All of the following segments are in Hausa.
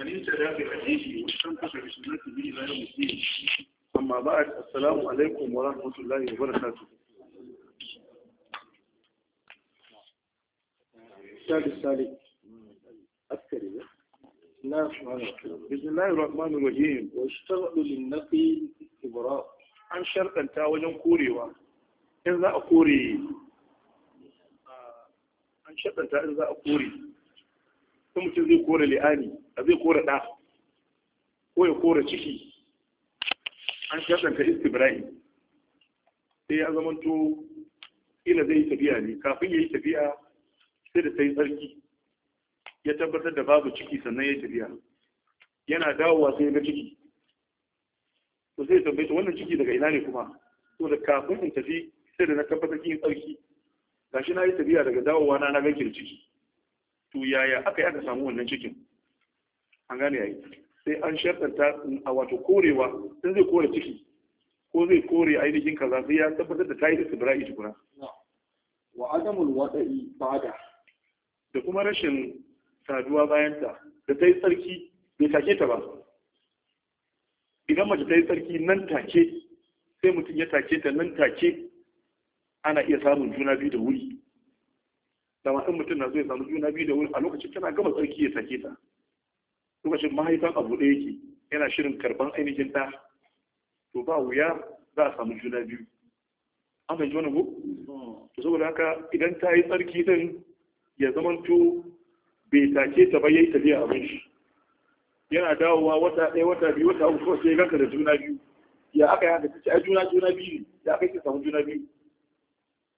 fahimta ya fi hadisi wajen kasa da sunatu biyu na yau amma ba a assalamu alaikum wa rahmatullahi wa barakatu sali sali askari ne na shuhana bizin layi rahmanu rahim wa shi linnaqi ibra an sharɗanta wajen korewa an shaɗanta in za a kore sai mutum zai kore li'ani zai kora ɗa ko ya kora ciki an shasanta Ibrahim. sai ya to ina zai yi tafiya ne kafin ya yi tafiya sai da ta yi tsarki ya tabbatar da babu ciki sannan ya yi tafiya yana dawowa sai ya ga ciki to sai ya tambaye ta wannan ciki daga ina ne kuma to da kafin in tafi sai da na tabbatar yin tsarki gashi na yi tafiya daga dawowa na na ga ciki to yaya aka yi aka samu wannan cikin an gane yayi sai an shartanta a wato korewa sun zai kore ciki ko zai kore ainihin kaza sai ya tabbatar da tayi istibra'i tukuna wa adamul wada'i bada da kuma rashin saduwa bayan ta da tayi tsarki bai take ta ba idan mace tayi tsarki nan take sai mutum ya take ta nan take ana iya samun juna biyu da wuri dama in mutum na zai ya samu juna biyu da wuri a lokacin tana gama tsarki ya take ta lokacin mahaifan abu ɗaya yake yana shirin karban ainihin ɗa to ba wuya za a samu juna biyu an fahimci wani ko hmm. to saboda haka idan ta yi tsarki din ya to bai take ta bayyana ta biya abin shi yana dawowa wata ɗaya wata biyu wata uku kawai sai ganka da juna biyu ya aka yi haka ta ce ai juna juna biyu ne ya aka yi samu juna biyu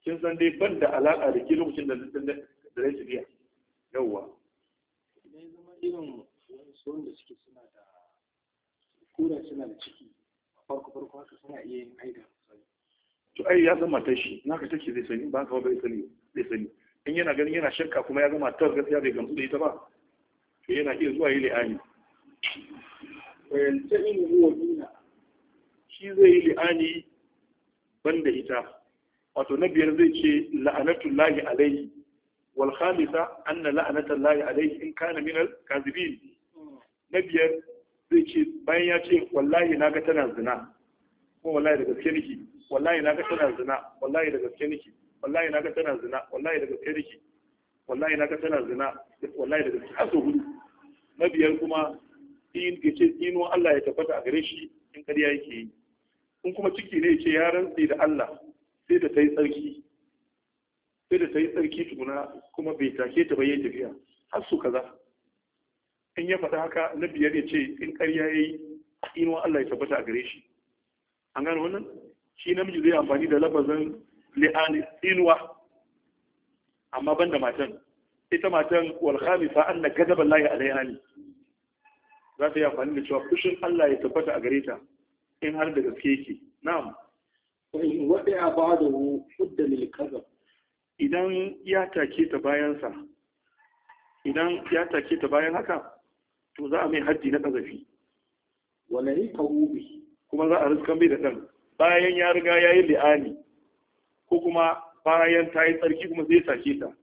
kin san dai ban da alaƙa da ke lokacin da zai da da tafiya yawwa akwai wanda suke suna da kura suna da ciki farko farko haka suna iya yin aida to ai ya zama ta shi naka take zai sani ba ka bai sani zai sani in yana ganin yana shakka kuma ya zama ta gaskiya bai gamsu da ita ba to yana iya zuwa yi li'ani bayan ta in huwa duna shi zai yi li'ani banda ita wato na biyar zai ce la'anatullahi alaihi wal khamisa anna la'anatullahi alaihi in kana minal kazibin na biyar zai ce bayan ya ce wallahi na ga tana zina ko wallahi da gaske nake wallahi na ga tana zina wallahi da gaske nake wallahi na ga tana zina wallahi da gaske nake wallahi na ga tana zina wallahi da gaske aso hudu na biyar kuma in ke ce ino Allah ya tabbata a gare shi in ƙarya yake yi in kuma ciki ne ce ya rantsi da Allah sai da ta yi tsarki sai da ta yi tsarki tukuna kuma bai take ta bayyana tafiya har su kaza in ya faɗa haka na biyar ya ce in ƙarya ya yi inuwa Allah ya tabbata a gare shi an gane wannan shi namiji zai amfani da lafazin li'ani inuwa amma ban da matan ita matan wal khamisa anna gadaban a alaiha hali. za ta yi amfani da cewa fushin Allah ya tabbata a gare ta in har da gaske yake na'am wadda ya ba da hudda lil kazab idan ya take ta bayansa idan ya take ta bayan haka to za a mai haddi na wanda wala ni kawubi kuma za a riskan bai da ɗan bayan ya riga ya yi li'ani ko kuma bayan ta yi tsarki kuma zai sake ta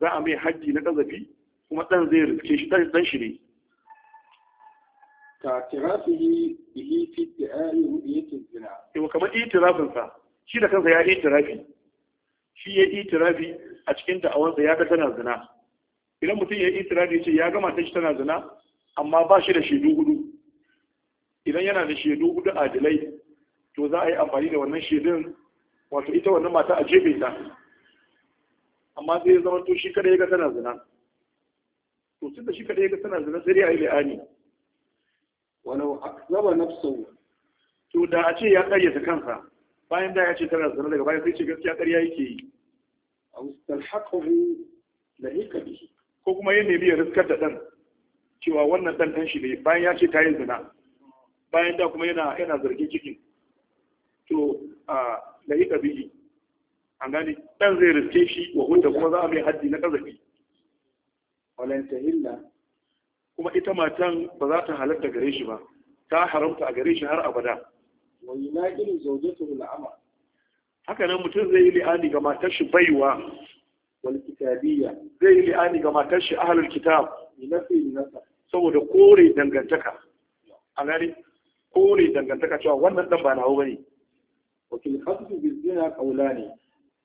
za a mai haddi na ƙazafi. kuma ɗan zai riske shi ɗan shi ne ka tirafihi bihi fi ti'ani rubiyatin zina yau kamar itirafinsa shi da kansa ya itirafi shi ya itirafi a cikin da'awarsa ya ga tana zina idan mutum ya yi tirafi ce ya gama ta shi tana zina amma ba shi da shaidu hudu idan yana da shaidu hudu dalai to za a yi amfani da wannan shaidun wato ita wannan mata a jefe ta amma sai ya zama to shi kada ya ga tana zina to tun da shi kada ya ga tana zina sai ya yi la'ani walau akzaba nafsu to da a ce ya karyata kansa bayan da ya ce tana zina daga bayan sai ce gaskiya karya yake yi a mustalhaqahu lahika bihi ko kuma yin ne ya riskar da dan cewa wannan dan dan shi ne bayan ya ce ta yi zina bayan da kuma yana yana zargin cikin to a da yi ɗabi'i an gani dan zai riske shi wa hudda kuma za a mai haddi na ƙazafi walanta tahilla kuma ita matan ba za ta halatta gare shi ba ta haramta a gare shi har abada wa yunaqil zawjatuhu al'ama haka nan mutum zai yi li'ani ga matar shi baiwa wal kitabiyya zai yi li'ani ga matar shi ahlul kitab saboda kore dangantaka a gani kore dangantaka cewa wannan dan ba nawo bane wakil hasbu bizina qawlani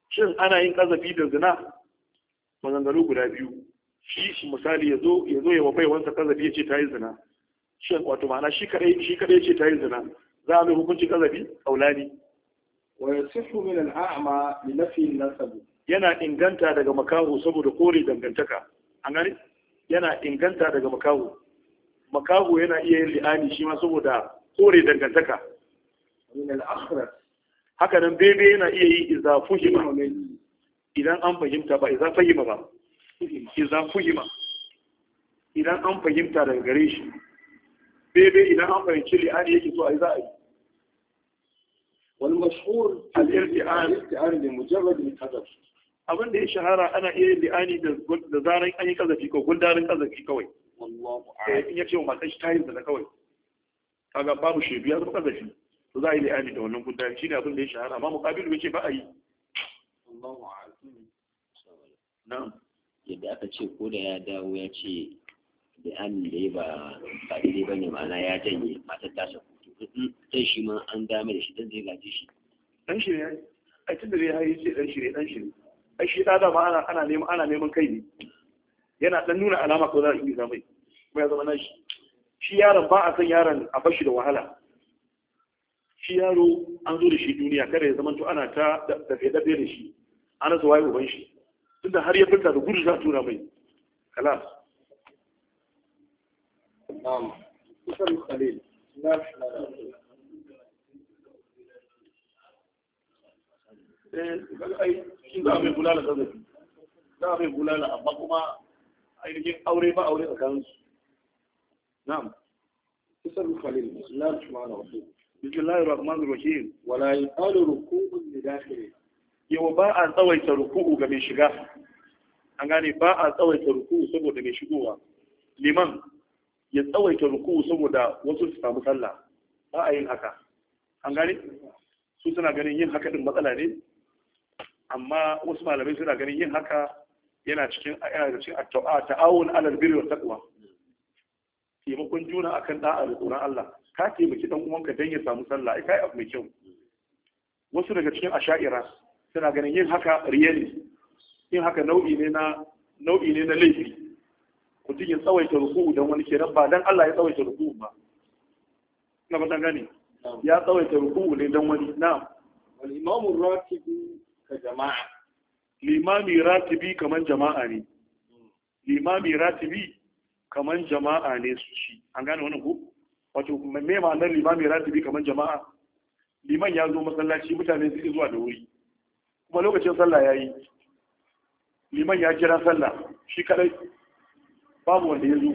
shin ana yin kazafi da zina maganganu guda biyu shi misali yazo yazo ya wabai wansa kazafi yace ta yi zina shin wato ma'ana shi kadai shi kadai yace ta yi zina za a mai hukunci kazafi qawlani wa yasihu min al-a'ma li nafi nasab yana inganta daga makaho saboda kore dangantaka an gani yana inganta daga makaho makaho yana iya yin li'ani shi ma saboda kore dangantaka haka nan bebe yana iya yi iza fuhima idan an fahimta ba iza fahima ba iza fuhima idan an fahimta daga gare shi bebe idan an fahimci li'ani yake so a yi za a yi والمشهور الارتعان da لمجرد القدر abin da ya shahara ana iya yin li'ani da zaran an yi kazafi ko gundarin kazafi kawai wallahu eh, a'lam in ce wa matan shi tayin da kawai kaga babu shebi ya zama kazafi to za a yi li'ani da wannan shi ne abin da ya shahara amma muqabilu yace ba a yi yadda aka ce ko da ya dawo ya ce li'ani da ya ba ba daidai ne, ma'ana ya janye matar ta kutu sai shi ma an dame da shi dan zai gaji shi dan shirye ai tun da ya yi sai dan shirye dan shirye ai shi da ba ana ana neman ana neman kai ne yana dan nuna alama ko za a ingiza mai kuma ya zama na shi shi yaron ba a san yaron a bashi da wahala shi yaro an zo da shi duniya kada ya zama to ana ta dafe dafe da shi ana zuwa yi uban shi tunda har ya fita da gudu za a tura mai kalas na'am kusan khalil na Eh, shi za a mai bulala zazzafi za a mai bulala amma kuma ainihin aure ba aure tsakaninsu na'am isar khalil bismillahir rahmanir rahim bismillahir rahmanir rahim wala yuqalu ruku'un li dakhil yawa ba a tsawaita ruku'u ga mai shiga an gane ba a tsawaita ruku'u saboda mai shigowa liman ya tsawaita ruku'u saboda wasu su samu sallah ba a yin haka an gane su suna ganin yin haka din matsala ne amma wasu malamai suna ganin yin haka yana cikin yana da cikin ta'awun alal birri wa taqwa taimakon juna akan da'a da tsoron Allah ka taimaki dan uwanka dan ya samu sallah ai kai abu mai kyau wasu daga cikin asha'ira suna ganin yin haka riya ne yin haka nau'i ne na nau'i ne na laifi mutum ya tsawaita ruku'u dan wani kenan ba dan Allah ya tsawaita ruku'u ba na ba gane ya tsawaita ruku'u ne dan wani na'am wal imamu ratibi ka jama'a limami ratibi kaman jama'a ne limami ratibi kaman jama'a ne su shi an gane wannan ko wato me ma'anar limami ratibi kaman jama'a liman ya zo masallaci mutane suke zuwa da wuri kuma lokacin sallah ya yi liman ya kira sallah shi kadai babu wanda ya zo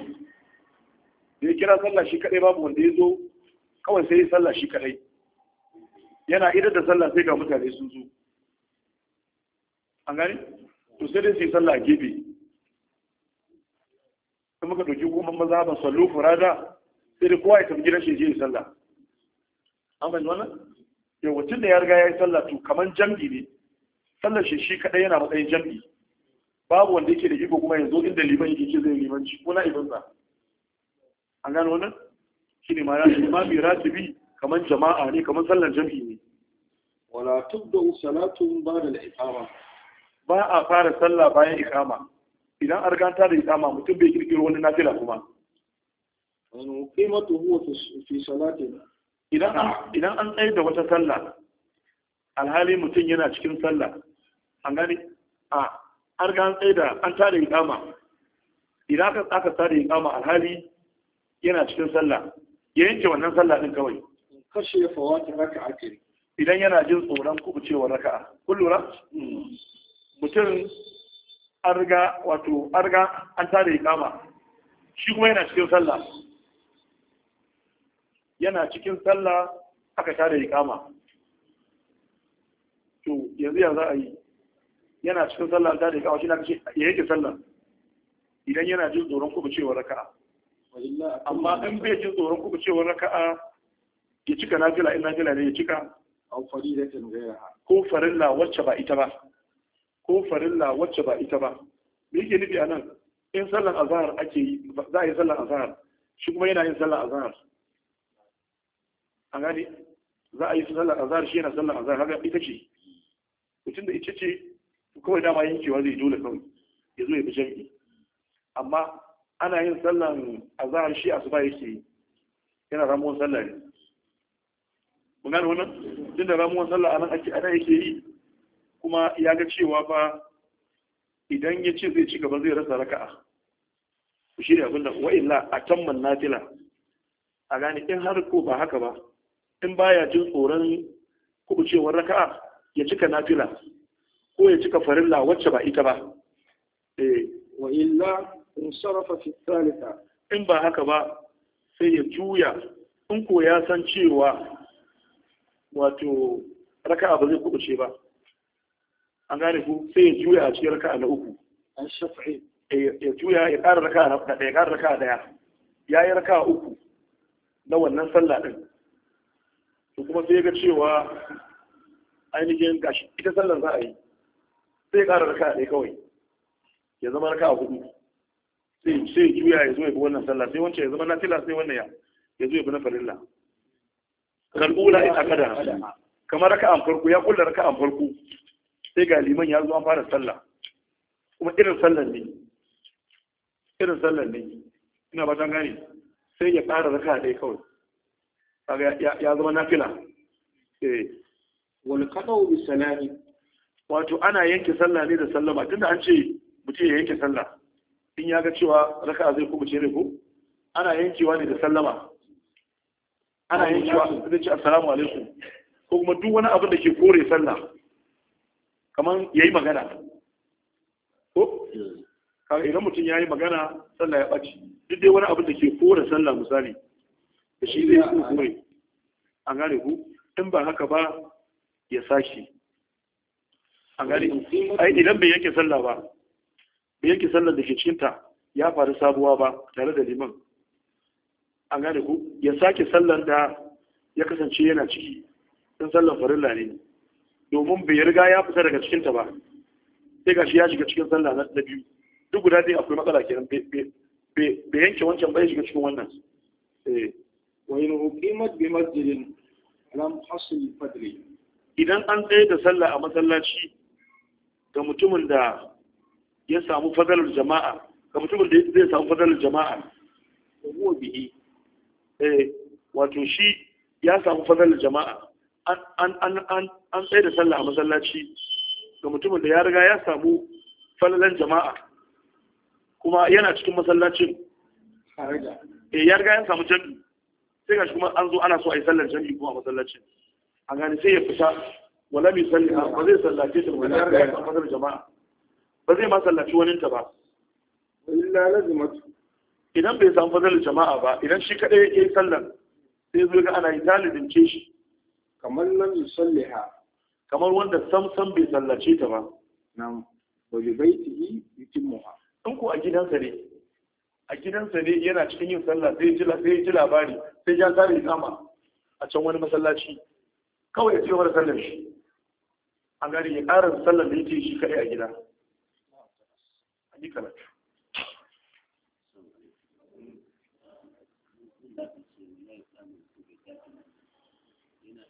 da ya kira sallah shi kadai babu wanda ya zo kawai sai sallah shi kadai yana idar da sallah sai ga mutane sun zo an gani to sai dai su yi sallah a gefe in muka ɗauki kuma maza ban Sallu, furada sai dai kowa ya tafi gidan shi je sallah an fahimci wannan yawa tun da ya riga ya yi sallah to kamar jami'i ne sallar shi shi kaɗai yana matsayin jami'i. babu wanda yake da iko kuma yanzu inda liman yake ce zai limanci ko na ibinsa an gano wannan shi ne ma'ana imami ratibi kamar jama'a ne kamar sallar jami'i ne ولا تبدأ صلاة بعد الإقامة ba a fara sallah bayan ikama idan arganta da ikama mutum bai kirkiro wani nafila kuma qimatu huwa fi salatin idan an tsaye da wata sallah alhali mutum yana cikin sallah an gani a argan an tsaye da an tare ikama idan aka aka tada ikama alhali yana cikin sallah ya yanke wannan sallah din kawai kashe fawati raka'ati idan yana jin tsoron kubucewa raka'a a. lura hmm. mutum an riga wato an riga an tada ikama shi kuma yana cikin sallah yana cikin sallah aka tada ikama to yanzu ya a yi yana cikin sallah an tada ikama shi na kashe ya yake sallah idan yana jin tsoron kubucewar raka'a amma in bai jin tsoron kubucewar raka'a ya cika nafila in nafila ne ya cika ko farilla wacce ba ita ba ko farilla wacce ba ita ba me yake nufi anan in sallan azhar ake yi za a yi sallan azhar shi kuma yana yin sallan azhar an gane za a yi sallan azhar shi yana sallan azhar haka ita ce mutum da ita ce kawai dama yankewa zai dole kawai ya zo ya bi jami'i amma ana yin sallan azhar shi asuba yake yi yana ramuwan sallar. ne mun gane wannan tunda ramuwan a anan ake ana yake yi kuma ya ga cewa fa idan ya ce zai ci gaba zai rasa raka'a shi ne abinda wa illa a tamman nafila a gani in har ko ba haka ba in baya jin tsoron kubucewar raka'a ya cika nafila ko ya cika farilla wacce ba ita ba eh wa illa in sarafa fi thalitha in ba haka ba sai ya juya in ko ya san cewa wato raka'a ba zai kubuce ba an gane ku sai ya juya a cikin raka'a na uku an shafi eh, ya juya ya kara raka'a na ɗaya ya kara raka'a daya ya yi raka'a uku na wannan sallah din to kuma sai ya ga cewa ainihin gashi ita sallar za a yi sai ya kara raka'a ɗaya kawai ya zama raka'a hudu sai ya juya ya zo ya bi wannan sallah sai wancan ya zama na fila sai wannan ya ya zo ya bi na farilla ula ita kada kamar raka'an farko ya kulla raka'an farko sai ga liman ya zo an fara sallah kuma irin sallar ne irin sallar ne ina ba tan gane sai ya fara raka dai kawai kaga ya zama nafila eh wal qadau bi salati wato ana yanke sallah ne da sallama tunda an ce mutum ya yanke sallah in ya ga cewa raka zai ku ce ko ana yankewa ne da sallama ana yankewa da ce assalamu alaikum ko kuma duk wani abu da ke kore sallah kamar ya yi magana ko hmm. idan mutum ya yi magana sallah ya ɓaci duk dai wani abin da ke kora sallah misali da shi zai su kuma an gane ku in ba haka ba ya sashi an gane hmm. ai idan bai yake sallah ba bai yake sallah da ke cinta ya faru sabuwa ba tare da liman an gane ku ya sake sallar da ya kasance yana ciki in sallar farilla ne domin bai riga ya fita daga cikin ta ba sai shi ya shiga cikin sallah na biyu duk guda dai akwai matsala kenan bai yanke wancan bai shiga cikin wannan eh. wa in uqimat bi masjidin lam hasil fadli idan an tsaye da sallah a masallaci ga mutumin da ya samu fadalar jama'a ga mutumin da zai samu fadalar jama'a ko bihi eh wato shi ya samu fadalar jama'a an tsaye da sallah a masallaci ga mutumin da ya riga ya samu falalan jama'a kuma yana cikin masallacin eh ya riga ya samu jami'i sai ga kuma an zo ana so a yi sallar jami'i kuma a masallacin a gani sai ya fita wala mai salli ba zai sallace ta wani ya riga ya samu falalan jama'a ba zai ma sallaci wani ta ba idan bai samu fazalar jama'a ba idan shi kaɗai ya yake sallar sai zai ga ana yi talibin ce shi kamar lam yusalliha kamar wanda samsam bai sallace ta ba nam wa bi baitihi yutimmuha in ko a gidansa ne a gidansa ne yana cikin yin sallah sai ji sai ji labari sai ya sare kama a can wani masallaci kawai ya wani sallar shi an gani ya ƙara sallar da yake shi kare a gida a yi karatu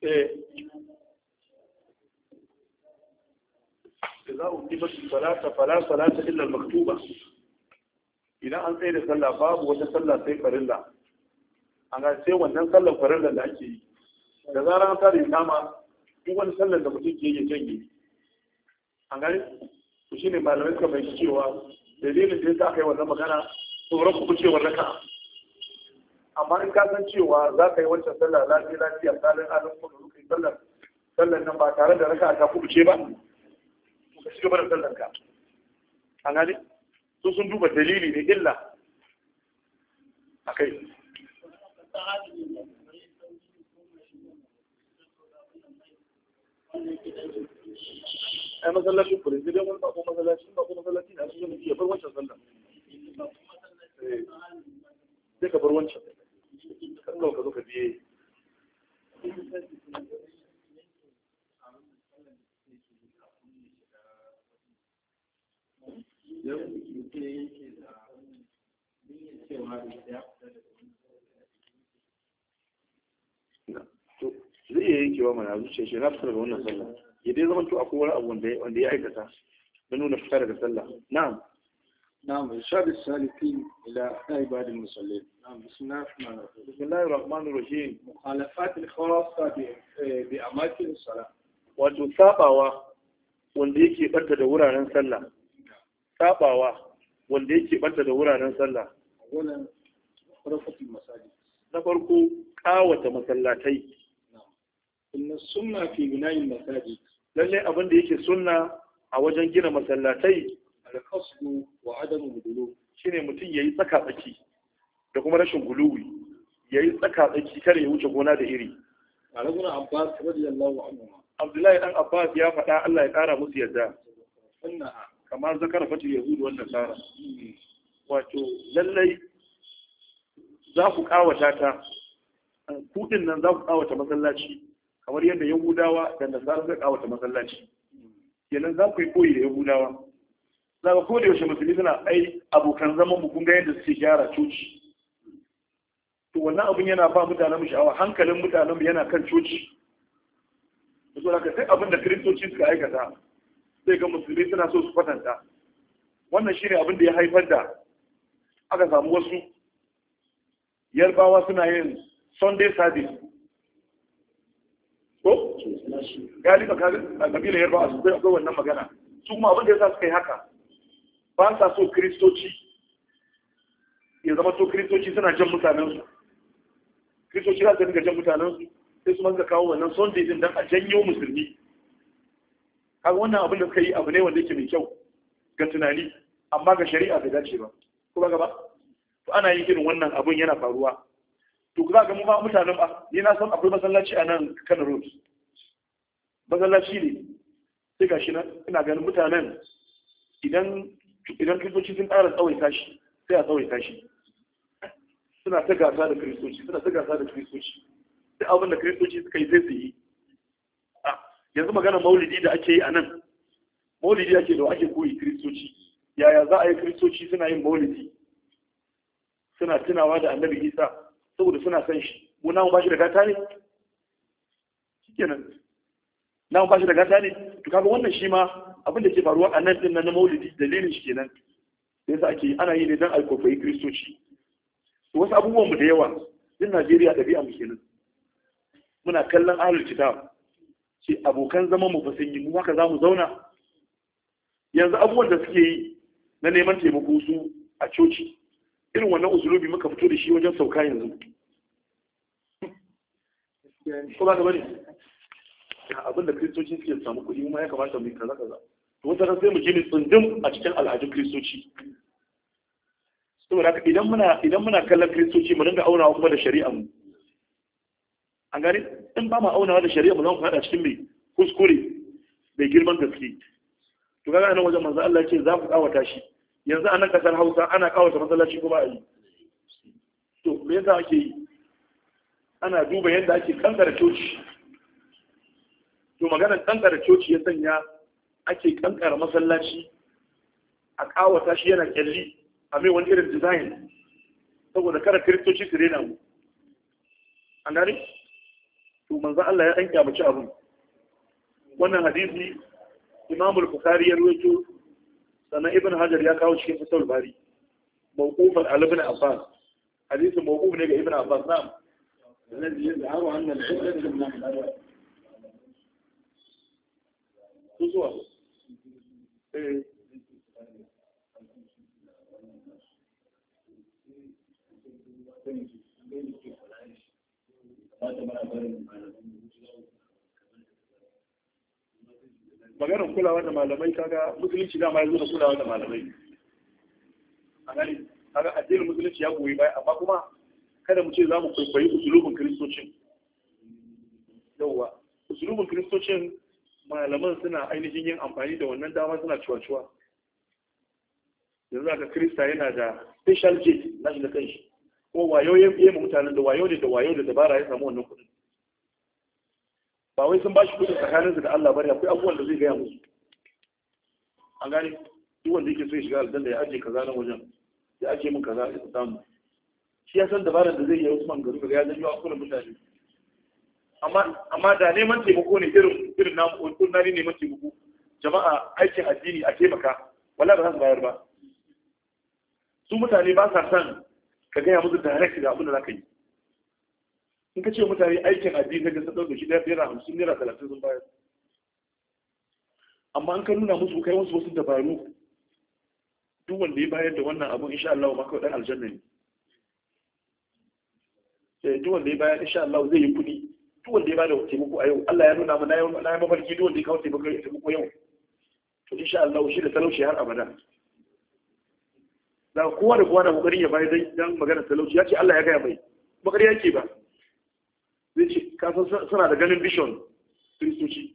eh za mu tiba salata fala salata illa maktuba idan an tsaye da sallah babu wata sallah sai farilla an ga sai wannan sallar farilla da ake yi da zarar an tare kama duk wani sallar da mutum ke yi janye an gani ku shine malamai suka fahimci cewa magana ku amma in ka san cewa za ka yi wancan sallar lafiya lafiya salin alin kudu kai sallar sallar nan ba tare da raka ta kubuce ba to ka shiga da sallar ka an gane su sun duba dalili ne illa akai ai masallacin kuri zai wani bako masallacin bako masallaci? na su yi bar wancan sallar eh, sai ka bar wancan sallar. kallon ka ka zai iya yankewa mana zuciya shi na fita daga wannan sallah ya dai zama to akwai wani abu wanda ya aikata na nuna fita daga sallah na'am نعم إرشاد السالكين إلى عباد المصلين نعم بسم الله الرحمن الرحيم بسم الله الرحمن الرحيم مخالفات الخاصة بأماكن الصلاة wato sabawa wanda yake banta da wuraren sallah sabawa wanda yake banta da wuraren sallah na farko kawata masallatai inna sunna fi binayin masajid lalle abin da yake sunna a wajen gina masallatai alkasdu wa adam gudulu shine mutum yayi tsaka tsaki da kuma rashin guluwi yayi tsaka tsaki kare ya wuce gona da iri Malamun Abbas radiyallahu anhu Abdullahi dan Abbas ya faɗa Allah ya ƙara musu yarda kamar zakar fatul yahudu wannan tsara. Mm. wato lallai za ku kawata ta kudin nan za ku kawata masallaci kamar yadda yahudawa da nasara ku kawata masallaci mm. kenan za ku yi koyi da yahudawa zaka ko da yaushe musulmi suna ai abokan zaman mu kun ga yadda suke gyara coci to wannan abin yana ba mutanen mu sha'awa hankalin mutanen mu yana kan coci da so haka sai abin da kiristoci suka aikata sai ga musulmi suna so su kwatanta wannan shine abin da ya haifar da aka samu wasu yarbawa suna yin sunday service ko galiba kabilar yarbawa su akwai wannan magana su kuma abin da ya sa suka yi haka ba sa so kiristoci ya zama so kristoci suna jan mutanensu kiristoci za su dinga jan mutanensu sai su manga kawo wannan sunday din dan a janyo musulmi kaga wannan abin da suka yi abu ne wanda yake mai kyau ga tunani amma ga shari'a bai dace ba ko ba gaba to ana yin irin wannan abun yana faruwa to ku za ga mu ma mutanen ba ni na san akwai masallaci a nan kan road masallaci ne sai gashi nan ina ganin mutanen idan idan kristoci sun ƙara tsawaita shi sai a tsawaita shi suna ta gasa da kristoci suna ta gasa da kristoci Sai abin da kristoci suka yi zai su yi yanzu magana maulidi da ake yi a nan maulidi ake da ake koyi kristoci yaya za a yi kristoci suna yin maulidi suna tunawa da annabi isa saboda suna san shi mu namu ba shi da gata ne shikenan namu ba shi da gata ne to kaga wannan shi ma abin da ke faruwa a nan din na maulidi dalilin shi kenan yasa ake ana yi ne dan alkofai kristoci wasu abubuwan mu da yawa din Najeriya ɗabi'a mu kenan muna kallon ahlul kitab ce abokan zaman mu ba sun yi mu haka zamu zauna yanzu abubuwan da suke yi na neman taimako su a coci irin wannan usulubi muka fito da shi wajen sauka yanzu ko ba ka bane abin da kristoci suke samu kuɗi ma ya kamata mu yi kaza kaza to wata sai mu gini tsundum a cikin al'adun kristoci saboda haka idan muna idan muna kallon kristoci mu dinga aunawa kuma da shari'a mu an gani in ba mu aunawa da shari'a mu zan fada cikin mai kuskure mai girman gaske to kaga nan wajen manzo Allah ce za ku kawata shi yanzu a nan kasar Hausa ana kawata masallaci kuma a yi to me yasa ake yi ana duba yadda ake kankara coci to maganar kankara coci ya sanya ake kankara masallaci a kawata shi yana kyalli a mai wani irin design saboda kada kiristoci su rena mu an gani to manzo Allah ya danka mace abun wannan hadisi Imam al-Bukhari ya rawaito sannan Ibn Hajar ya kawo cikin Fathul Bari mawqufan ala Ibn Abbas hadisin mawquf ne ga Ibn Abbas na'am الذي يزعر أن العلة من أحد maganar kulawa da malamai kaga musulunci dama ya zo da kulawa da malamai a gani kaga addinin musulunci ya goyi baya amma kuma kada mu ce za mu kwaikwayi usulubin kiristocin yauwa usulubin kiristocin malaman suna ainihin yin amfani da wannan dama suna cuwa-cuwa yanzu aka krista yana da special gate na shi da shi kuma wayo ya fiye ma mutanen da wayo ne da wayo da dabara ya samu wannan kudin ba wai sun ba shi kudin su da Allah bari akwai abubuwan da zai gaya musu an gane duk wanda yake so ya shiga aljanna ya ajiye kaza na wajen ya ajiye min kaza ya samu shi ya san dabarar da zai yi Usman Garu ga ya janyo a kullum mutane amma da neman taimako ne irin irin namu na neman taimako jama'a aikin addini a taimaka wala ba za su bayar ba su mutane ba sa son ka gaya musu direct da abin da za ka yi in ka ce mutane aikin addini ka sadar da shi ɗaya naira hamsin naira talatin sun bayar amma an ka nuna musu kai wasu wasu dabaru duk wanda ya bayar da wannan abun insha Allah ma kawai dan aljanna ne eh duk wanda ya bayar insha Allah zai yi kuɗi duk wanda ya bada taimako a yau Allah ya nuna mana yau na mafarki duk wanda ya kawo taimako ya taimako yau to insha Allah shi da talauci har abada da kowa da kowa na kokarin ya bayar dan magana talauci ya ce Allah ya gaya mai ya yake ba zai ce ka san suna da ganin vision kristoci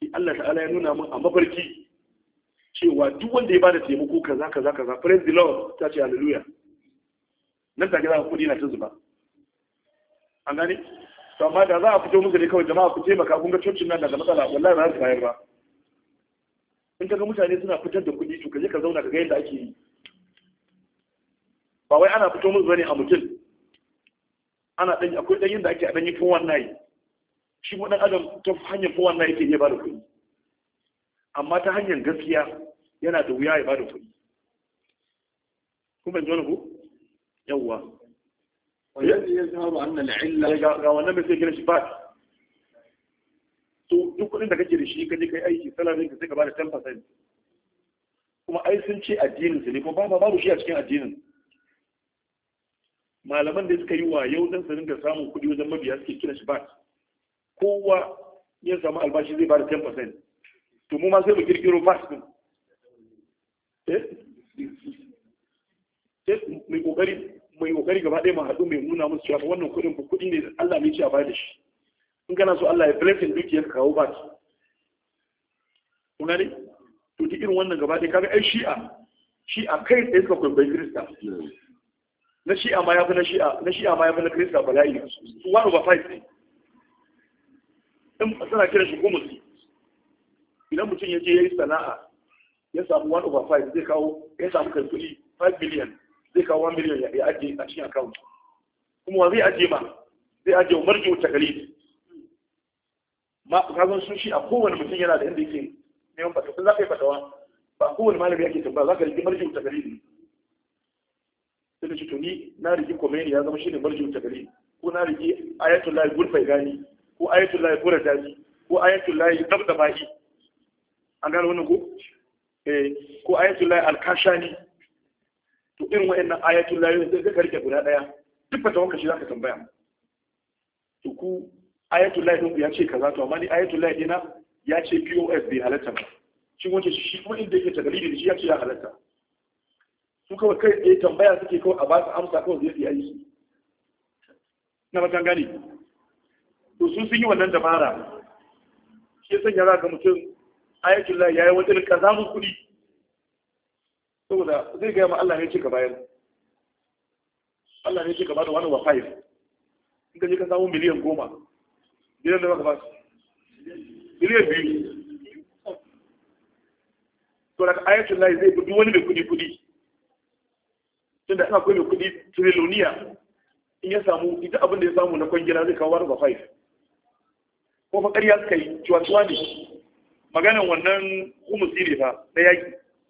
sai Allah ta'ala ya nuna mun a mafarki cewa duk wanda ya bada taimako kaza kaza kaza praise the lord ta ce hallelujah nan take za ka kudi na ta zuba an gane to amma da za a fito musu ne kawai jama'a ku taimaka kun ga cocin nan daga matsala wallahi ba za su bayar ba in ka ga mutane suna fitar da kuɗi to ka je ka zauna ka ga yadda ake yi ba wai ana fito musu bane a mutum ana dan akwai ɗan yin da ake a ɗan yi fun wannan shi mu ɗan adam ta hanyar fun wannan yake iya ba da kuɗi amma ta hanyar gaskiya yana da wuya ya ba da kuɗi kuma yanzu wani ku yawwa ويجب يظهر أن العلة ga wannan mai sai gina shi bashi to duk kudin da kake da shi kaje kai aiki salarin ka sai ka bada 10% kuma ai sun ce addinin su ne kuma babu babu shi a cikin addinin malaman da suka yi wa yau dan sanin da samun kudi wajen mabiya suke kira shi bashi kowa ya samu albashi zai bada 10% to mu ma sai mu kirkiro bashi din eh sai mu kokari mai kokari gaba ɗaya mu haɗu mai nuna musu cewa wannan kuɗin ku kuɗi ne Allah mai ce a da shi in kana so Allah ya blessing dukiyar kawo ba ki Kuna ne, to duk irin wannan gaba ɗaya kaga ai shi'a shi'a kai tsaye suka kwaikwayi Kirista na shi'a ma ya fi na shi'a na shi'a ma ya fi na Kirista bala'i su one over five ne in suna kira shi gumusi idan mutum ya je ya yi sana'a ya samu one over five zai kawo ya samu kai kuɗi 5 million zai kawo 1 miliyan ya ajiye a cikin account kuma wa zai ajiye ma zai ajiye wa marjiyo takalid ma zan sun shi a kowane mutum yana da inda yake neman fatawa sun za ka yi fatawa ba kowane malami yake tambaya za ka rigi marjiyo takalid ne sai da shi to ni na rigi komeni ya zama shi ne marjiyo takalid ko na rigi ayatul lahi gurfai gani ko ayatul lahi gura daji ko ayatul Dabda dabdabahi an gano wannan ko eh ko ayatul lahi alkashani to irin wa'annan ayatul lahi sai ka karke guda daya duk fata wanka shi zaka tambaya to ku ayatul lahi ya ce kaza to amma ni ayatul lahi dina ya ce POS bai halatta ba shi wace shi kuma inda yake ta dalili da shi ya ce ya halatta su kawai kai tsaye tambaya suke kawai a ba su amsa kawai zai yi aiki na matan gani to sun sun yi wannan dabara shi ya sanya za ga mutum ayatul lahi ya yi kaza mun kuɗi saboda zai gaya ma Allah ne ce ka bayar Allah ne ce ka bada wani wafayir in ka je ka samu miliyan goma miliyan da ka ba miliyan biyu to daga ayatul lahi zai bi wani mai kudi kudi tunda ina akwai mai kudi triloniya in ya samu ita abin da ya samu na kwangila zai kawo wani wafayir ko fa ƙarya suka yi ciwa-ciwa ne maganin wannan kuma ne fa na yaƙi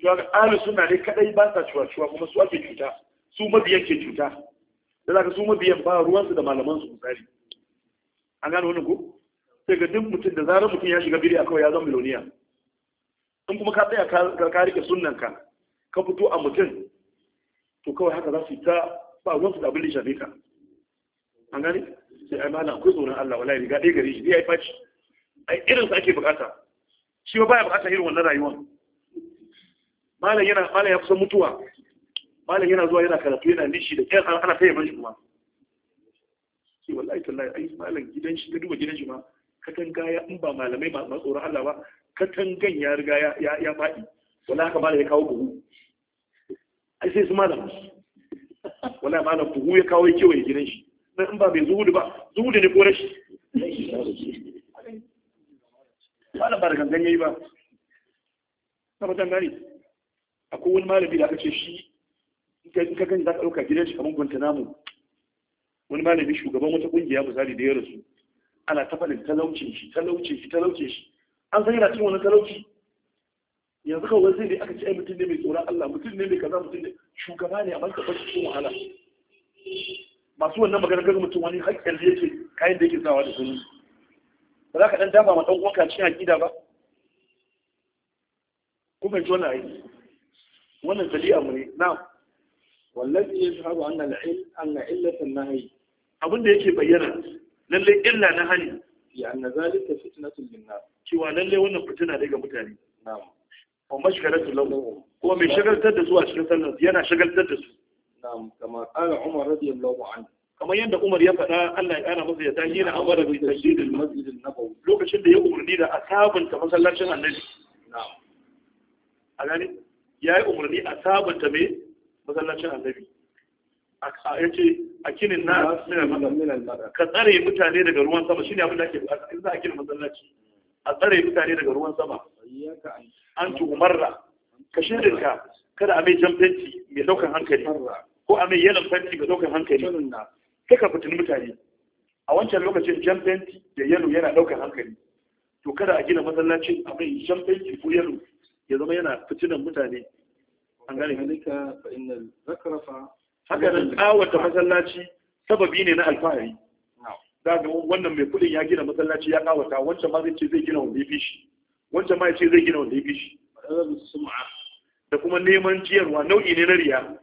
Tuwaga ahalu suna ne kadai ba sa cuwa-cuwa kuma su ake cuta, su mabiyan ke cuta, da za ka su mabiyan ba ruwansu da malamansu misali. An gano wani ku. Sai ga duk mutum da zarar mutum ya shiga biri a kawai ya zama miloniya. In kuma ka tsaya ka rike sunan ka, ka fito a mutum, to kawai haka za su yi ta ba ruwansu da abin da shafe ka. An gane? sai ai malam akwai tsoron Allah wallahi riga ɗaya gare shi zai yi faci ai irin sa ake bukata shi ba baya bukata irin wannan rayuwar malam yana malam ya kusa mutuwa malam yana zuwa yana karatu yana nishi da ƙyar ana kai ban shi kuma sai wallahi tallahi ai malam gidan shi ka duba gidan shi ma katanga ya in ba malamai ma tsoron Allah ba katangan ya riga ya ya faɗi wala haka malam ya kawo buhu ai sai su malam wala malam buhu ya kawo kewaye gidan shi na in ba mai zuhudu ba zuhudu ne ko rashi malam ba da gangan yayi ba na fatan gani akwai wani malami da aka ce shi in ka gani za ka ɗauka gidan shi kamar guantanamo wani malami shugaban wata kungiya misali da ya rasu ana ta faɗin talaucin shi talaucin shi talaucin shi an san yana cin wani talauci yanzu kawai sai ne aka ce ai mutum ne mai tsoron Allah mutum ne mai kaza mutum ne shugaba ne a amma ka bar cikin wahala masu wannan magana kaga mutum wani haƙƙin da yake kayan da yake sawa da sunni ba za ka dan dafa ma dan uwanka cikin aqida ba ku fahimci wannan aiki wannan dalila mu ne na'am wallazi yashhadu anna al-ilm anna illatan nahyi abin da yake bayyana lalle illa na hani ya anna zalika fitnatul linnas cewa lalle wannan fitina daga mutane na'am wa mashkaratu lahum kuma mai shagaltar da su a cikin sannan yana shagaltar da su kama qala Umar radiyallahu anhu kamar yadda Umar ya faɗa Allah ya ƙara masa ya tashi na amara bi tashdidil masjid an-nabawi lokacin da ya umarni da a sabunta masallacin Annabi na'am a gani yayi umarni a sabunta me masallacin Annabi a yace a kinin na ka tsare mutane daga ruwan sama shine abin da ake buƙata in za a gina masallaci a tsare mutane daga ruwan sama an tuhumarra ka shirinka kada a mai jamfanci mai ɗaukar hankali ko a mai yalan fenti ga ɗaukar hankali sai ka fitin mutane a wancan lokacin jan fenti da yalo yana ɗaukar hankali to kada a gina masallacin a mai jan fenti ko yalo ya zama yana fitinan mutane an gane haka nan tsawata masallaci sababi ne na alfahari za ga wannan mai kudin ya gina masallaci ya kawata wancan ma zai ce zai gina wanda ya fi shi wancan ma ya ce zai gina wanda ya fi shi da kuma neman jiyarwa nau'i ne na riya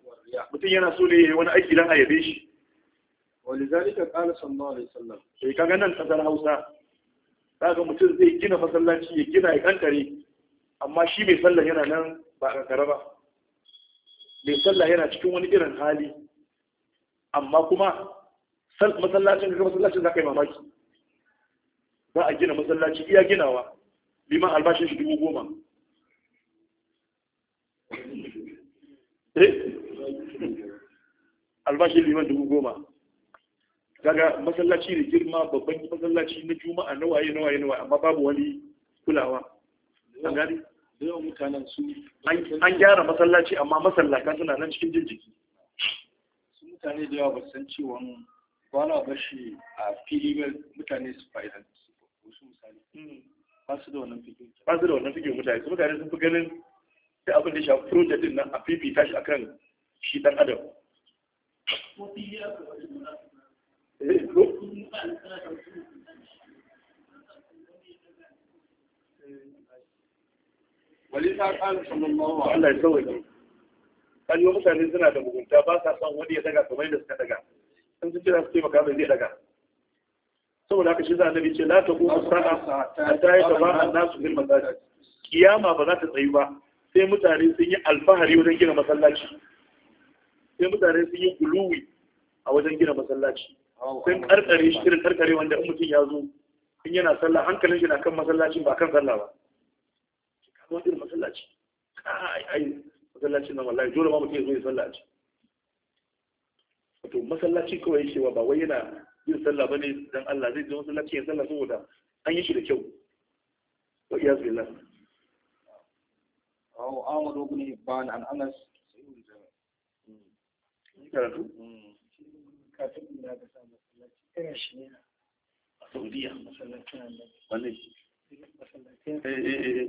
mutum yana so ne wani aiki dan ayabe shi Wani walizalika qala sallallahu alaihi wasallam sai kaga nan kasar Hausa kaga mutum zai gina masallaci ya gina ya kankare amma shi mai sallah yana nan ba kankare ba mai sallah yana cikin wani irin hali amma kuma masallacin ga masallacin za ka yi mamaki za a gina masallaci iya ginawa liman albashin shi dubu goma eh? albashin liman dubu goma daga masallaci da girma babban masallaci na juma'a na waye na waye na waye amma babu wani kulawa an mutanen su an gyara masallaci amma masallaka suna nan cikin jin jiki su mutane da yawa ba san cewa kwana ba shi a fili mutane su fa'idan su misali hmm. ba su da wannan fikin ba su da wannan fikin mutane su mutane sun fi ganin da abin da shafi project din nan a fifita shi akan shi dan adam ta Allah ya sauke. Kan yi mutane suna da mugunta ba sa son wani ya daga kamar da suka daga. Sun su kira su taimaka mai zai daga. Saboda haka shi za a ce na ta kuma sa'a a ta yi gaba a nasu mil masaji. Kiyama ba za ta tsayi ba sai mutane sun yi alfahari wajen gina masallaci. sai mutane sun yi guluwi a wajen gina masallaci sun karkare shi irin karkare wanda in mutum ya zo in yana sallah hankalin shi na kan masallacin ba kan sallah ba kamar irin masallaci ai ai masallacin na wallahi dole ma mutum ya zo ya sallah to masallaci kawai yake wa ba wai yana yin sallah bane dan Allah zai zo masallaci ya sallah saboda an yi shi da kyau wa iyaz billah أو بن عن أنس karatu masallaci eh, eh, eh, da yake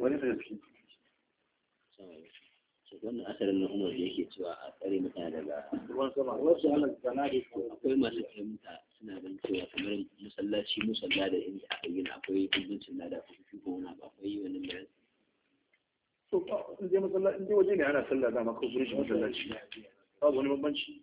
wannan asalin na umar da yake cewa a tsare mutane daga akwai masu suna ganin cewa kamar musalla da aka yi akwai bambancin ko fi ko wani ba akwai wani mai to in je masallaci in je waje ne ana sallah dama ko gurin masallaci babu wani bambanci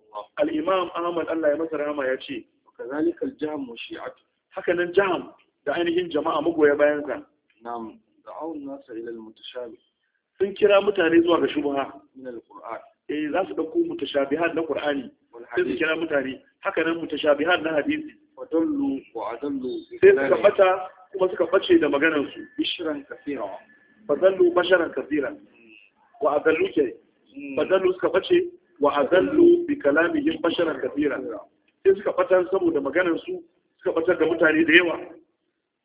al ahmad Allah ya masa rahama ya ce kazalika al-jahm wa shi'atu haka nan jahm da ainihin jama'a magoya bayan sa na'am da'awun nasa ila al-mutashabih sun kira mutane zuwa ga shubha min al-qur'an eh za su dauko mutashabihat na qur'ani sai su kira mutane haka nan mutashabihat na hadisi wa dallu wa adallu sai suka bata kuma suka bace da maganar su bishran kaseera fa dallu basharan kaseera wa adallu ke hmm. fa dallu suka bace wa azallu bi kalamihim basharan kathira sai suka fatar saboda maganar su suka fatar da mutane da yawa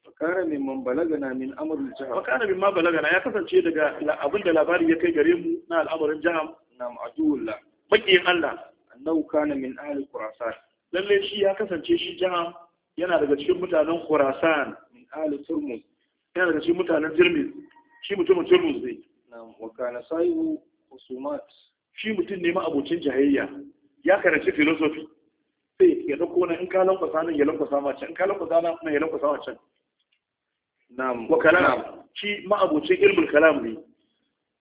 fakara min man balagana min amrul jaham fakara min ma balagana ya kasance daga abin da labari ya kai gare mu na al'amarin jaham na ma'adullah makiyin Allah annahu kana min ahli khurasan lalle shi ya kasance shi jaham yana daga cikin mutanen khurasan min ahli turmuz yana daga cikin mutanen turmuz shi mutumin turmuz ne na wa kana sahibu husumat shi mutum ne abocin jahayya ya karanci filosofi sai ya dauko na in ka lankwasa nan ya lankwasa mace, can in ka lankwasa nan ya lankwasa mace. can na'am wa kalam shi ma'abocin ilmul kalam ne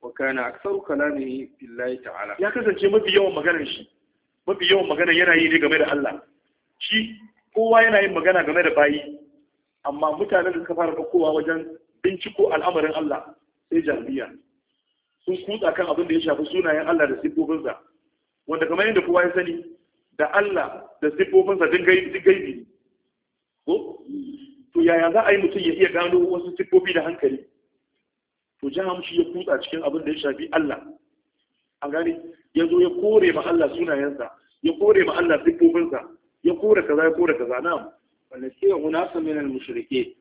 wa kana aksaru kalami billahi ta'ala ya kasance mafi yawan magana shi mafi yawan magana yana yi ne game da Allah shi kowa yana yin magana game da bayi amma mutanen da suka fara kowa wajen binciko al'amarin Allah sai jami'a sun kutsa kan abin da ya shafi sunayen Allah da siffofinsa wanda kamar yadda kowa ya sani da Allah da siffofinsa din gaibi ne ko to yaya za a yi mutum ya iya gano wasu siffofi da hankali to jaham shi ya kutsa cikin abin da ya shafi Allah an gane ya zo ya kore ma Allah sunayensa ya kore ma Allah siffofinsa ya kore kaza ya kore kaza na'am wanda sai hunasa min al-mushrike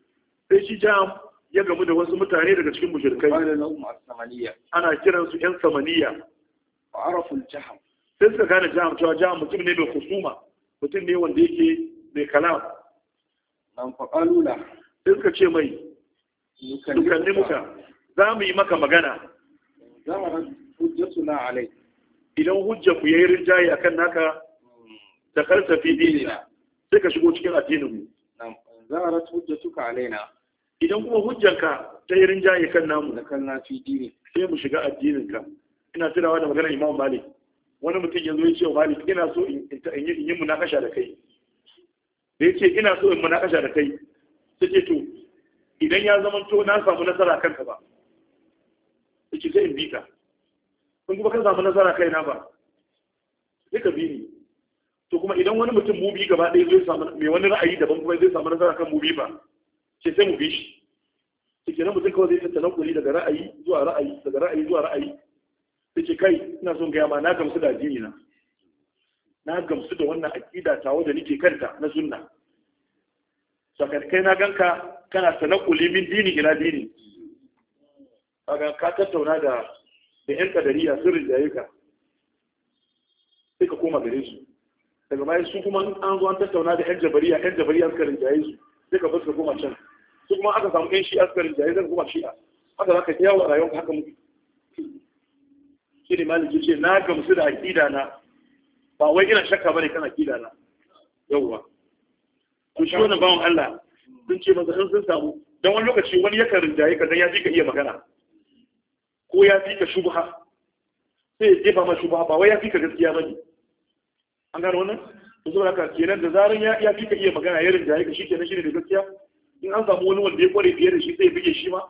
sai shi jaham ya gamu da wasu mutane daga cikin mushrikai ana kiran su yan samaniya fa arafu jaham sai suka gane jaham cewa jaham mutum ne mai kusuma mutum ne wanda yake mai kalam nan fa qalula sai suka ce mai muka. za mu yi maka magana su hujjatuna alai idan hujja ku yayi rinjaye akan naka da hmm. karsa fi dinina sai ka shigo cikin addinin mu zaharat hujjatuka alaina idan kuma hujjanka ta yi rinjaye kan namu da kan nafi dini sai mu shiga addininka ina tunawa da maganar imam malik wani mutum ya zo ya ce wa malik ina so in yi munakasha da kai da ya ce ina so in munakasha da kai ta ce to idan ya zama to na samu nasara kanka ba ta ce sai in bi ka Kun kuma kan samu nasara kai na ba sai ka bi ni to kuma idan wani mutum mubi gaba ɗaya zai samu mai wani ra'ayi daban kuma zai samu nasara kan mubi ba ce sai mu bi shi ce nan mutum kawai zai tattala kuri daga ra'ayi zuwa ra'ayi daga ra'ayi zuwa ra'ayi sai ce kai ina son gaya ma na gamsu da addini na na gamsu da wannan aƙida ta da nake kanta na sunna saka kai na ganka kana tanakuli min dini ila dini kaga ka tattauna da da yan kadariya sirrin da yaka sai ka koma gare su daga bayan su kuma an zo an tattauna da yan jabariya yan jabariya suka rinjaye su sai ka bar ka koma can kuma aka samu yan shi suka rinjaye zan kuma shi haka za ka ta yawon a haka mutu shi ne maliki ce na gamsu da aƙida na ba wai ina shakka bane kan aƙida na yawwa to shi wannan bawan Allah sun ce masa sun samu dan wani lokaci wani yakan rinjaye ka dan ya fi ka iya magana ko ya fi ka shubha sai ya jefa ma shubha ba wai ya fi ka gaskiya ne. an gano wannan to saboda haka kenan da zaran ya fi ka iya magana ya rinjaye ka shi kenan shi ne da gaskiya in an samu wani wanda ya kware fiye da shi zai bige shi ma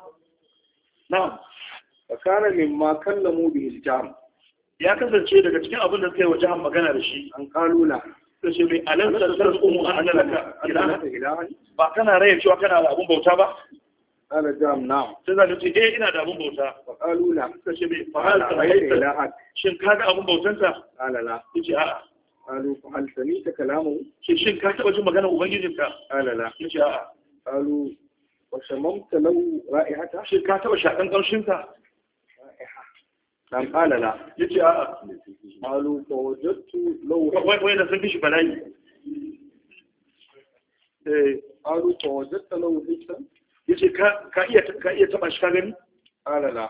na a kana mimma kallamu bi hijam ya kasance daga cikin abin da suka yi jihar magana da shi an kalula da shi mai alan sassar umu an alalaka ba kana rayar cewa kana da abin bauta ba ala jam na sai zan ce eh ina da abin bauta fa kalula da shi mai fa'al sabaita shin ka ga abin bautanta alala yace a'a kalu fa'al sani ta kalamu shin ka taba jin magana ubangijinka alala yace a قالوا وشممت لو رائحتها شي كاتبه شاكن قمشنتا نعم قال لا يجي قالوا فوجدت لو وين sun fi shi bala'i eh قالوا فوجدت لو حسن yace ka iya ka iya taba shi ka gani ala la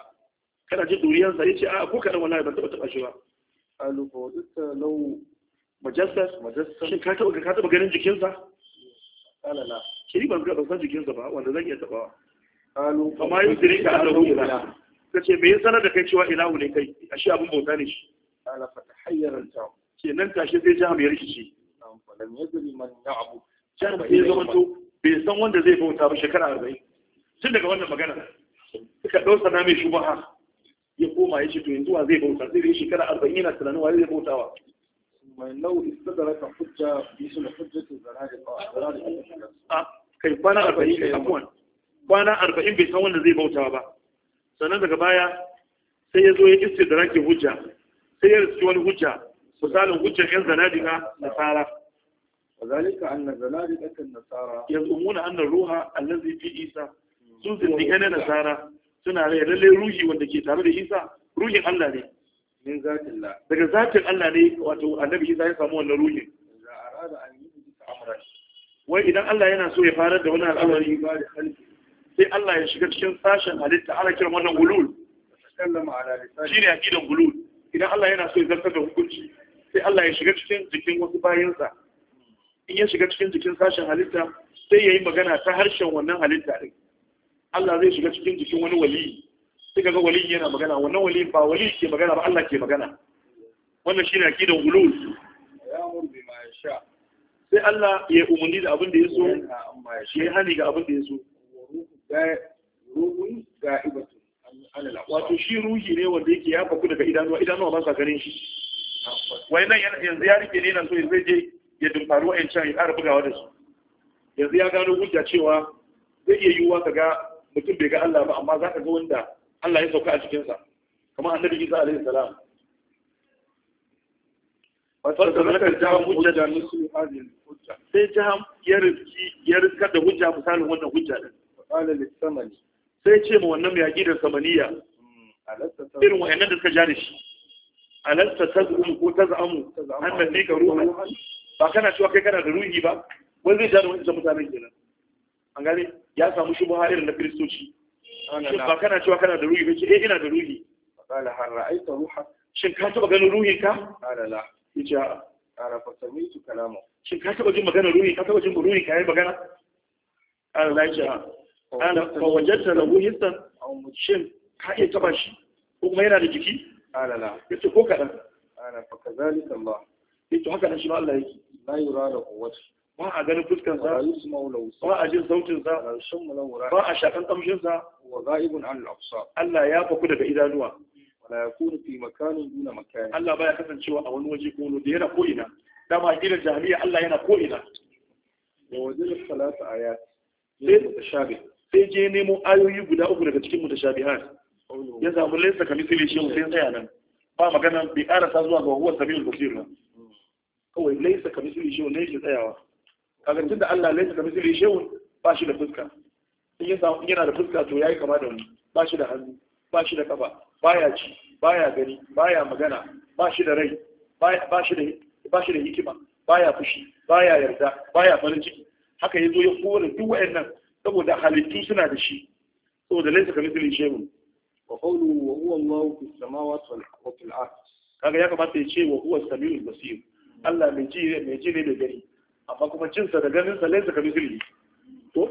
kana ji duriyar yace a ko kana wallahi ban taba shi ba alu fawdata law majassas majassas shin ka ka taba ganin jikin alala shiri ban ga jikin jikinsa ba wanda zan iya tabawa alu amma yin sirika a zaru ila kace me sanar da kai cewa ilahu ne kai ashe abin bauta ne shi ala fatahayyara ta ce nan tashi sai jaham ya rikici lam yadri man ya'bu jaham sai zama to bai san wanda zai bauta ba shekara 40 tun daga wannan magana suka dausa na mai shubaha ya koma ya ce to yanzu wa zai bauta zai yi shekara 40 yana tunanin wa zai bautawa Mai hujja وإنه استدرك حجة مثل حجة الزنادقة kai kwana arba'in kai kwana arba'in bai san wanda zai bauta ba sannan daga baya sai ya zo ya iske da rake hujja sai ya riski wani hujja misalin hujjar yan zanadika nasara wazalika anna zanadika kan nasara yazumuna anna ruha allazi fi isa sun zindiga na nasara suna rai lalle ruhi wanda ke tare da isa ruhin Allah ne min zatin la daga zatin Allah ne wato annabi Isa ya samu wannan ruhin da arada an yi amran wai idan Allah yana so ya farar da wani al'amari sai Allah ya shiga cikin sashen halitta ana kiran wannan gulul shi ne aqidan gulul idan Allah yana so ya zartar da hukunci sai Allah ya shiga cikin jikin wasu bayansa in ya shiga cikin jikin sashen halitta sai ya yi magana ta harshen wannan halitta ɗin Allah zai shiga cikin jikin wani waliyi sai kaga wali yana magana wannan wali ba wali ke magana ba Allah ke magana wannan shine akidan ulul sai Allah ya umarni da abin da ya so ya yi hani ga abin da ya so wato shi ruhi ne wanda yake ya faku daga idanuwa idanuwa ba sa ganin shi wai nan yanzu ya rike ne nan so zai je ya dumfaru a can ya ƙara bugawa da su yanzu ya gano hujja cewa zai iya yiwuwa ka ga mutum bai ga Allah ba amma za ka ga wanda Allah ya sauka a cikinsa kamar annabi Isa alaihi salam sai jam ya rizki ya rizkar da hujja misalin wannan hujja din sai ce ma wannan yaƙi da samaniya hmm, irin wayannan da suka ja da shi alasta tazum ko tazamu annan ne ka ruhan ba kana cewa kai kana da ruhi ba wani zai ja da mutanen kenan an gane ya samu shubha irin na kiristoci shin ba kana cewa kana da ruhi bace eh ina da ruhi qala har ra'aita ruha shin ka taba ganin ruhin ka qala la qala fa sami'tu kalamu shin ka taba jin magana ruhi ka taba jin ruhi ka yi magana qala la yace qala fa ah. wajadta lahu hissan shin ka iya taba shi ko kuma yana da jiki qala la yace ko kadan qala fa kazalika Allah yace haka nan shi ba Allah yake la yura lahu wajh ba a ganin fuskansa ba a jin sautinsa ba a shakan kamshinsa wa ghaibun an al-absar Allah ya faku daga idanuwa wala yakunu fi makanin duna makani Allah baya kasancewa a wani waje ko da yana ko ina dama gidan jami'a Allah yana ko ina wa wajil salatu ayat sai mutashabih sai je nemo ayoyi guda uku daga cikin mutashabihat ya zamu laysa kamithli shay'un sai tsaya nan ba magana bi sa zuwa ga huwa samiul basir kawai laysa kamithli shay'un ne ke tsayawa kaga tunda Allah laysa kamithli shay'un ba shi da fuska in yana da fuska to yayi kama da mu ba shi da hannu ba shi da kafa ya ci ba ya gani ba ya magana ba shi da rai ba shi da ba shi da hikima ya fushi ba yarda farin ciki haka yazo ya kore duk wayannan saboda halittu suna da shi saboda laysa kamithlihi mun wa qawluhu wa huwa Allahu fis samawati wa fil ard kaga ya kamata ya ce wa huwa samiul basir Allah mai ji ne mai ji ne da gani amma kuma cinsa da ganin sa laysa kamithlihi to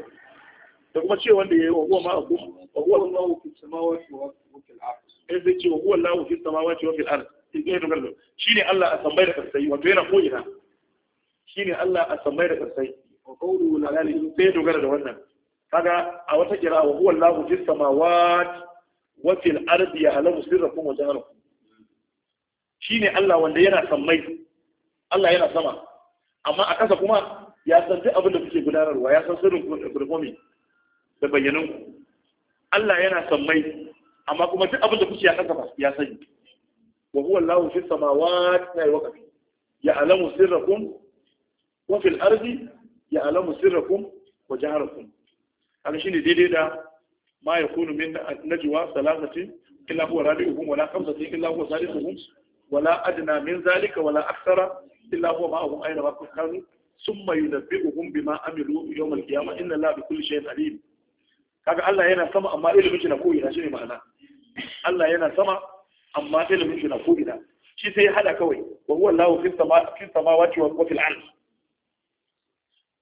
da kuma ce wanda ya yi wa huwa ma abu wa huwa Allahu fi samawati wa fil ardh sai sai ce wa huwa Allahu fi samawati wa fil ardh sai da kallo shine Allah a sambai da karsai, wato yana ko ina shine Allah a sambai da kasai wa qawluhu la ilaha sai dogara da wannan kaga a wata kira wa huwa Allahu fi samawati wa fil ardh ya alamu sirrakum wa jaharakum shine Allah wanda yana sammai Allah yana sama amma a kasa kuma ya san duk abin da kuke gudanarwa ya san sirrin kurkumi da bayyanan ku Allah yana sammai amma kuma duk abin da kuke ya kasa ya sani wa huwa Allahu fi samawati wal ardi alamu sirrakum wa fil ardi alamu sirrakum wa jaharakum An shine daidai da ma yakunu min najwa salasati illa huwa rabi'uhum wala khamsati illa huwa salisuhum wala adna min zalika wala akthara illa huwa ma'ahum ayna ma kanu ثم ينبئهم بما عملوا يوم القيامة إن الله بكل شيء عليم kaga Allah yana sama amma ilimin shi na ko ina shine ma'ana Allah yana sama amma ilimin shi na ko shi sai ya hada kawai wa huwa Allahu fis sama fis samawati wa fil ard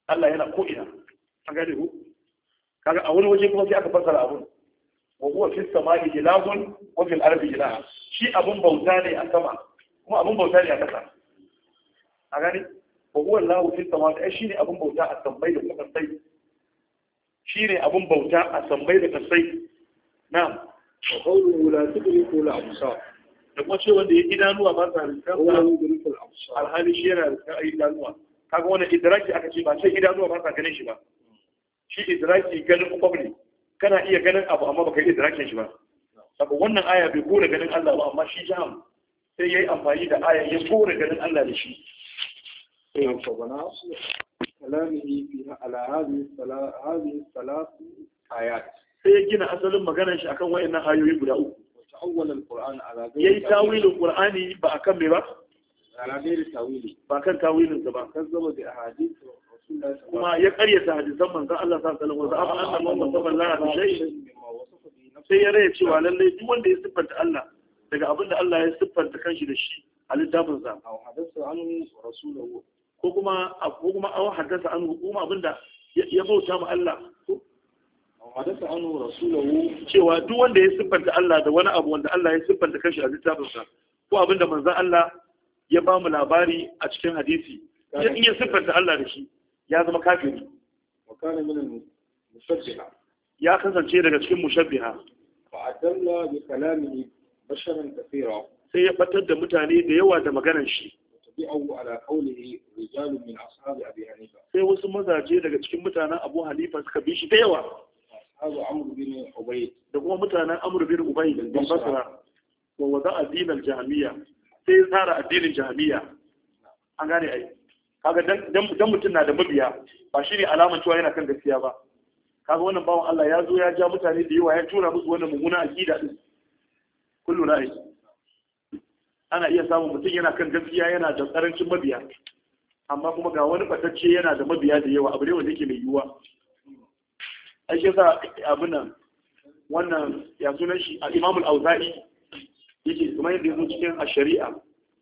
Allah yana ko ina kaga dai kaga a wani waje kuma sai aka fassara abun wa huwa fis samai ilahun wa fil ardi ilah shi abun bauta ne a sama kuma abun bauta ne a kasa a gani wa huwa Allahu fis samawati shi ne abun bauta a sammai da kuma sai shi ne abin bauta a sammai da kasai na ƙaunin wula duk ne ko la amsa da kuma cewa da ya idanuwa ba sa rikar sa alhali shi yana rikar a idanuwa kaga wannan idraki aka ce ba sai idanuwa ba sa ganin shi ba shi idraki ganin kwakwab ne kana iya ganin abu amma baka yi idrakin shi ba saboda wannan aya bai kore ganin Allah ba amma shi jaham sai ya yi amfani da aya ya kore ganin Allah da shi kalamihi fi هذه sai ya gina asalin maganar shi akan wayannan ayoyi guda uku ta'awwal al-Qur'an ala ghayri yayi tawilin Qur'ani ba akan me ba ala ghayri tawili ba kan tawilin sa ba kan zama da ahadith kuma ya karyata hadisan manzon Allah sallallahu alaihi wasallam sai ya raya cewa lalle duk wanda ya siffanta Allah daga abinda Allah ya siffanta kanshi da shi a littafin sa an ko kuma ko kuma aw haddasa an hukuma abinda ya bauta ma Allah ko. haddasa an rasulahu cewa duk wanda ya siffanta Allah da wani abu wanda Allah ya siffanta kashi a littafinsa ko abinda manzon Allah ya ba mu labari a cikin hadisi in ya siffanta Allah da shi ya zama kafiri wa kana min mushabbiha ya kasance daga cikin mushabbiha fa adalla bi kalamihi basharan kathira sai ya fatar da mutane da yawa da maganar shi tabi'ahu ala qawlihi rijalun min ashabi abi hanifa sai wasu mazaje daga cikin mutanen abu Halifa suka bi shi da yawa ashabu amr bin ubayd da kuma mutanen amr bin ubayd bin basra wa wada dinal jahmiya sai ya tsara addinin jahmiya an gane ai kaga dan mutum na da mabiya ba shine alamar cewa yana kan gaskiya ba kaga wannan bawan Allah ya zo ya ja mutane da yawa ya tura musu wannan mummuna aqida din kullu ra'ayi ana iya samun mutum yana kan gaskiya yana da karancin mabiya amma kuma ga wani batacce yana da mabiya da yawa abu ne wanda yake mai yiwuwa ai shi yasa abu nan wannan ya sunan shi a imamul auza'i yake kuma yadda yazo cikin a shari'a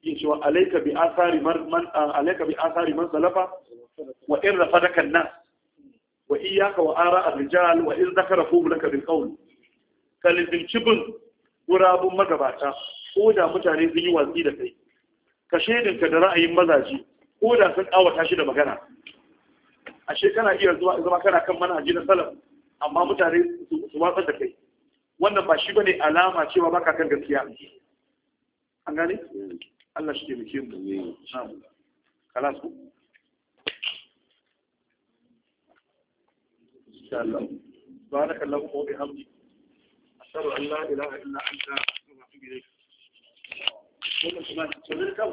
yake cewa alayka bi athari man alayka bi athari man salafa wa in rafadaka an-nas wa iyyaka wa ara ar-rijal wa in dhakara qawlaka bil qawl kalin bin cibin gurabun magabata ko da mutane sun yi watsi da kai ka shaidinka da ra'ayin mazaji ko da sun awata shi da magana a shekara iya zama kana kan manhaji na salaf amma mutane su watsar da kai wannan ba shi bane alama cewa baka kan gaskiya an gane Allah shi ke muke mu kalas ku insha Allah barakallahu wa bihamdi ilaha shi ne shi ma to ne ka